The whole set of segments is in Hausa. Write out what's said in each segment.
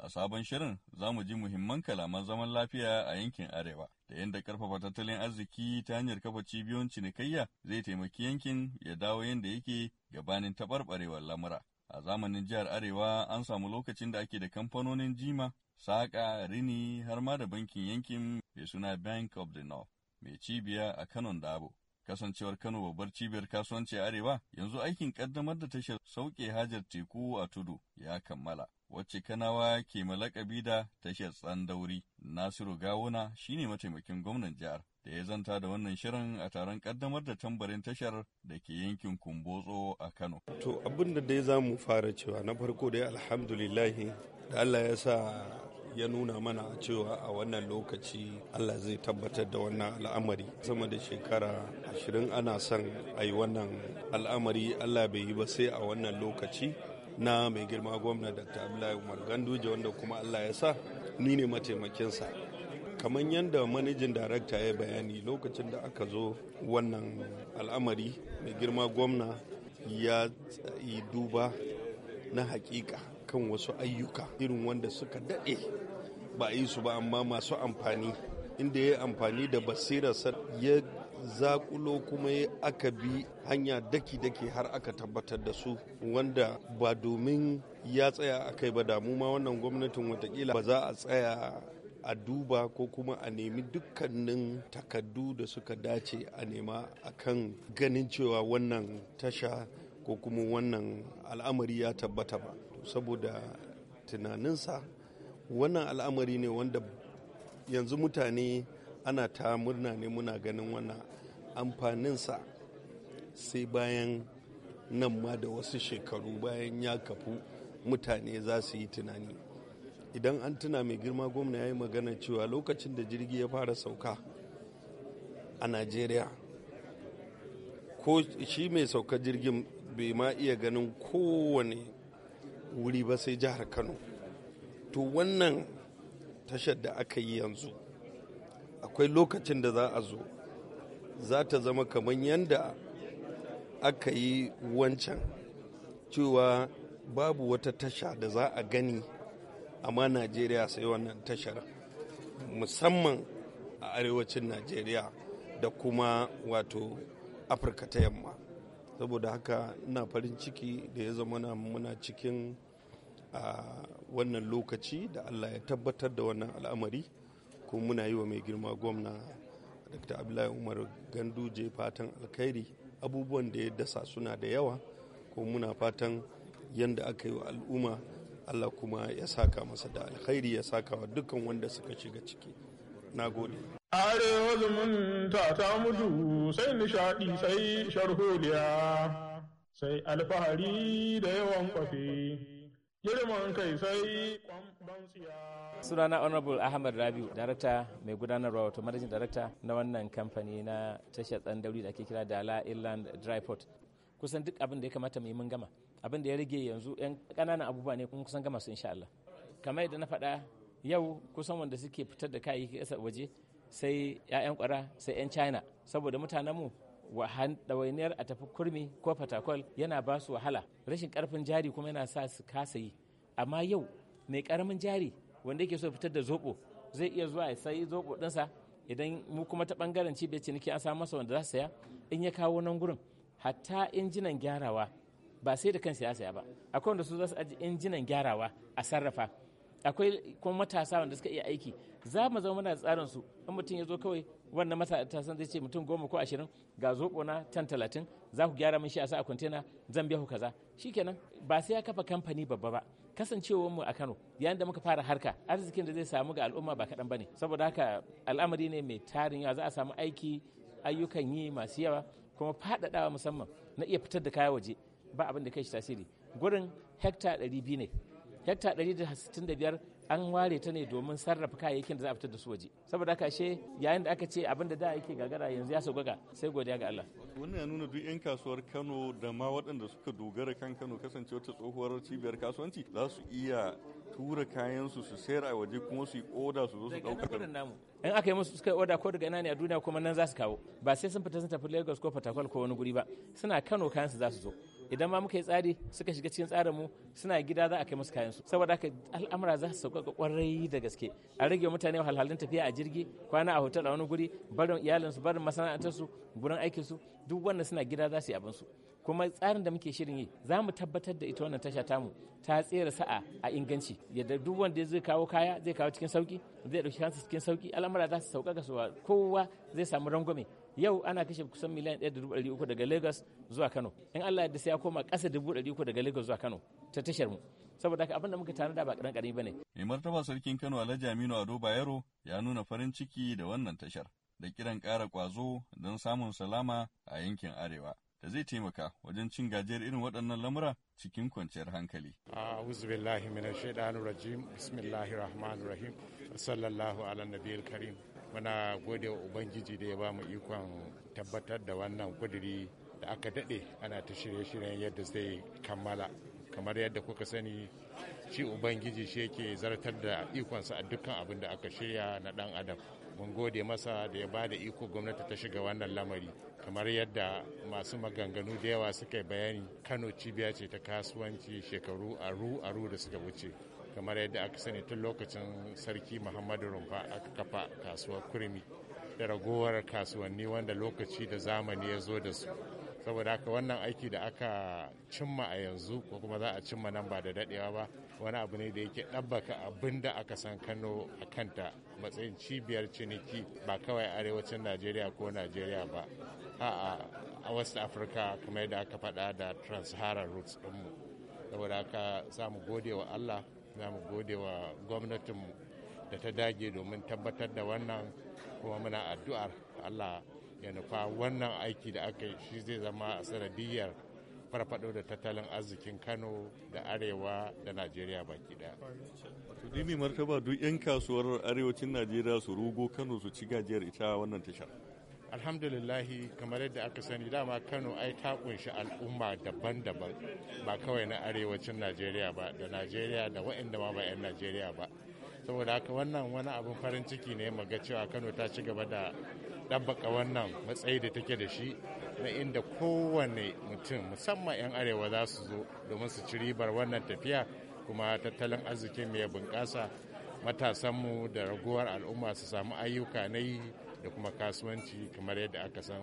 A sabon shirin za mu ji muhimman kalaman zaman lafiya a yankin Arewa da yadda karfafa tattalin arziki ta hanyar kafa cibiyoyin cinikayya zai taimaki yankin ya dawo yadda yake gabanin taɓarɓarewar lamura. A zamanin jihar Arewa an samu lokacin da ake da kamfanonin jima, saƙa, rini har ma da bankin yankin mai suna Bank of the North mai cibiya a Kanon Dabo. kasancewar Kano babbar cibiyar kasuwanci a Arewa yanzu aikin kaddamar da tashar sauke hajar teku a tudu ya kammala. Wacce Kanawa ke malakabi da tashar tsandauri Nasiru Gawuna shine mataimakin gwamnan jihar da ya zanta da wannan shirin a taron kaddamar da tambarin tashar da ke yankin Kumbotso a Kano. To abin da dai za mu fara cewa na farko dai alhamdulillahi da Allah ya sa ya nuna mana cewa a wannan lokaci Allah zai tabbatar da wannan al'amari sama da shekara ashirin ana son a yi wannan al'amari Allah bai yi ba sai a wannan lokaci na mai girma gwamna Dr. Abdullahi Umar Ganduje wanda kuma Allah ya sa ni ne mataimakinsa kamar yadda manajin darakta ya bayani lokacin da aka zo wannan al'amari mai girma gwamna ya yi duba na hakika kan wasu ayyuka irin wanda suka daɗe ba a yi su ba amma masu amfani inda ya yi amfani da basirarsa ya zakulo kuma ya aka bi hanya daki-daki har aka tabbatar da su wanda ba domin ya tsaya a kai ba damu ma wannan gwamnatin watakila ba za a tsaya a duba ko kuma a nemi dukkanin takaddu da suka dace a nema a kan ganin cewa wannan tasha ko kuma wannan al'amari ya tabbata ba saboda tunaninsa wannan al'amari ne wanda yanzu mutane ana ta murna ne muna ganin wannan sa sai bayan nan ma da wasu shekaru bayan ya kafu mutane za su yi tunani idan an tuna mai girma gwamna ya yi magana cewa lokacin da jirgi ya fara sauka a najeriya ko shi mai sauka jirgin bai ma iya ganin kowane wuri ba sai jihar kano to wannan tashar da aka yi yanzu akwai lokacin da za a zo za ta zama kamar yadda aka yi wancan cewa babu wata tasha da za a gani amma najeriya sai wannan tashar musamman a arewacin najeriya da kuma wato afirka ta yamma saboda haka ina farin ciki da ya zama muna cikin uh, wannan lokaci da Allah ya tabbatar da wannan al'amari ko muna yi wa mai girma gwamna Dr. Abdullahi Umar Ganduje fatan alkhairi abubuwan da ya dasa suna da yawa ko muna fatan yadda aka yi wa al'umma Allah kuma ya saka masa da alkhairi ya saka wa dukkan wanda suka shiga ciki. Na gode. Arewa zumunta ta mutu sai nishaɗi sai sharholiya sai alfahari da yawan kwafi. kai sunana honorable ahmad rabiu darakta mai gudanarwa wato managing darakta na wannan kamfani na tashar tsandauri da ake kira la inland dry port kusan duk abin da ya kamata mai mun gama abin da ya rage yanzu yan kananan abubuwa ne kuma kusan gama su insha Allah kamar yadda na faɗa yau kusan wanda suke fitar da kayayyaki ƙasar waje sai 'ya'yan kwara sai 'yan china saboda mutanenmu ɗawainiyar a tafi kurmi ko fatakol yana ba su wahala rashin ƙarfin jari kuma yana sa su kasa yi amma yau mai ƙaramin jari wanda yake so fitar da zoɓo zai iya zuwa ya sayi zoɓo ɗinsa idan mu kuma ta ɓangaren cibiyar ciniki an samu masa wanda za su saya in ya kawo nan gurin hatta injinan gyarawa ba sai da kansa ya saya ba akwai wanda su za su aji injinan gyarawa a sarrafa akwai kuma matasa wanda suka iya aiki za mu zama muna tsarin su in mutum ya zo kawai wannan matasan zai ce mutum goma ko ashirin ga zoɓo na tan talatin za ku gyara min shi a sa a kwantena zan biya ku kaza shikenan ba sai ya kafa kamfani babba ba kasancewar mu a Kano yayin da muka fara harka arzikin da zai samu ga al'umma ba kaɗan bane saboda haka al'amari ne mai tarin yawa za a samu aiki ayyukan yi masu yawa kuma faɗaɗawa musamman na iya fitar da kaya waje ba abin da kai shi tasiri gurin hekta ɗari biyu ne hekta 165 an ware ta ne domin sarrafa kayayyakin da za a fitar da su waje saboda haka she yayin da aka ce abin da da yake gagara yanzu ya sauƙaƙa sai godiya ga Allah wannan ya nuna duk 'yan kasuwar Kano da ma waɗanda suka dogara kan Kano kasance wata tsohuwar cibiyar kasuwanci za su iya tura kayan su su sayar a waje kuma su yi oda su zo su ɗauka Kano namu in aka yi musu suka oda ko daga ina ne a duniya kuma nan za su kawo ba sai sun fita sun tafi Lagos ko Port ko wani guri ba suna Kano kayan su za su zo idan ma muka yi tsari suka shiga cikin tsarin mu suna gida za a kai musu kayan su saboda haka al'amura za su sauƙaƙa kwarai da gaske a rage mutane wahalhalun tafiya a jirgi kwana a hotel a wani guri barin iyalinsu barin masana'antarsu gurin su duk wannan suna gida za su yi su kuma tsarin da muke shirin yi za mu tabbatar da ita wannan tasha tamu ta tsere sa'a a inganci yadda duk wanda zai kawo kaya zai kawo cikin sauki zai dauki kansa cikin sauki al'amura za su sauƙaƙa ga kowa zai samu rangwame yau ana kashe kusan miliyan 1.3 daga lagos zuwa kano in allah ya sai ya koma kasa 1.3 daga lagos zuwa kano ta tashar mu saboda haka abin da muka tanada ba karan ba bane mai martaba sarkin kano alhaji aminu ado bayero ya nuna farin ciki da wannan tashar da kiran kara kwazo don samun salama a yankin arewa da zai taimaka wajen cin gajiyar irin waɗannan lamura cikin kwanciyar hankali. A'udhu billahi minash shaitanir rajim. Bismillahir rahmanir rahim. Sallallahu ala nabiyil karim. muna gode wa ubangiji da ya ba mu ikon tabbatar da wannan kuduri da aka daɗe ana ta shirye-shiryen yadda zai kammala kamar yadda kuka sani shi ubangiji shi yake zartar da ikonsa a dukkan abin da aka shirya na ɗan adam mun gode masa da ya ba da iko gwamnati ta shiga wannan lamari kamar yadda masu maganganu da yawa suka bayani kano cibiya ce ta kasuwanci shekaru aru aru da suka wuce kamar yadda aka sani tun lokacin sarki muhammadu rumfa aka kafa kasuwar kurmi da ragowar kasuwanni wanda lokaci da zamani ya zo da su saboda haka wannan aiki da aka cimma a yanzu ko kuma za a cimma nan ba da dadewa ba wani abu ne da yake ɗabbaka abin da aka san kano a kanta matsayin cibiyar ciniki ba kawai arewacin najeriya ko najeriya ba a west africa kamar yadda aka faɗa da transharan roots ɗinmu saboda haka za mu gode wa allah za mu gode wa gwamnatinmu da ta dage domin tabbatar da wannan kuma muna addu'ar allah ya nufa wannan aiki da aka yi shi zai zama a sanadiyar farfado da tattalin arzikin kano da arewa da najeriya baki daya dini martaba duk 'yan kasuwar arewacin najeriya su rugo kano su ci gajiyar ita wannan tashar alhamdulillahi kamar yadda aka sani dama kano ai ta kunshi al'umma daban-daban ba kawai na arewacin najeriya ba da najeriya da waɗanda ma ba 'yan najeriya ba saboda haka wannan wani abin farin ciki ne ga cewa kano ta ci gaba da ɗabbaka wannan matsayi da take da shi na inda kowane mutum musamman 'yan arewa za su zo domin su ci ribar wannan tafiya kuma tattalin arzikin mai bunƙasa matasanmu da raguwar al'umma su samu ayyuka na yi da kuma kasuwanci kamar yadda aka san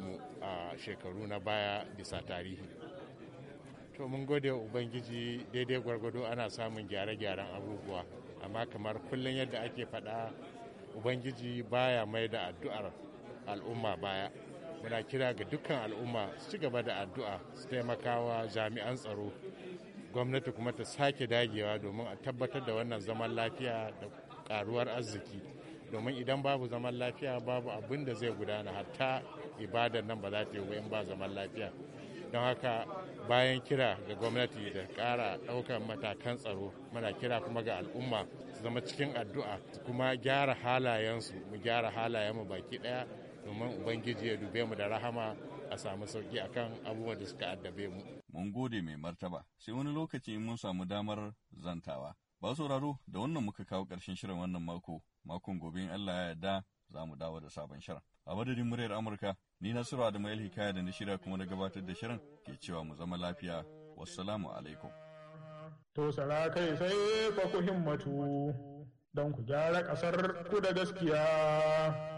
mu a shekaru na baya bisa tarihi to mun gode ubangiji daidai gwargwado ana samun gyare-gyaren abubuwa amma kamar kullum yadda ake faɗa ubangiji baya mai da addu'ar al'umma baya muna kira ga dukkan al'umma su ci gaba da addu'a su taimakawa jami'an tsaro gwamnati kuma ta sake dagewa domin a tabbatar da wannan zaman lafiya da karuwar arziki domin idan babu zaman lafiya babu abin da zai gudana hatta ibadar nan ba za ta yi in ba zaman lafiya don haka bayan kira ga gwamnati da kara ɗaukar matakan tsaro muna kira kuma ga al'umma su zama cikin addu'a kuma gyara halayensu mu gyara halayen mu baki ɗaya domin ubangiji ya dube mu da rahama a samu sauki akan abubuwan da suka addabe mu. Mun gode mai martaba, sai wani lokaci mun samu damar zantawa. Ba sauraro da wannan muka kawo ƙarshen shirin wannan mako Makon gobe in Allah ya yarda za mu dawo da sabon shirin. A madadin muryar Amurka, ni Nasiru Adamu Hikaya da na shirya kuma na gabatar da shirin ke cewa mu zama lafiya. Wassalamu alaikum. To kai sai fa ku himmatu don ku gyara ƙasar ku da gaskiya.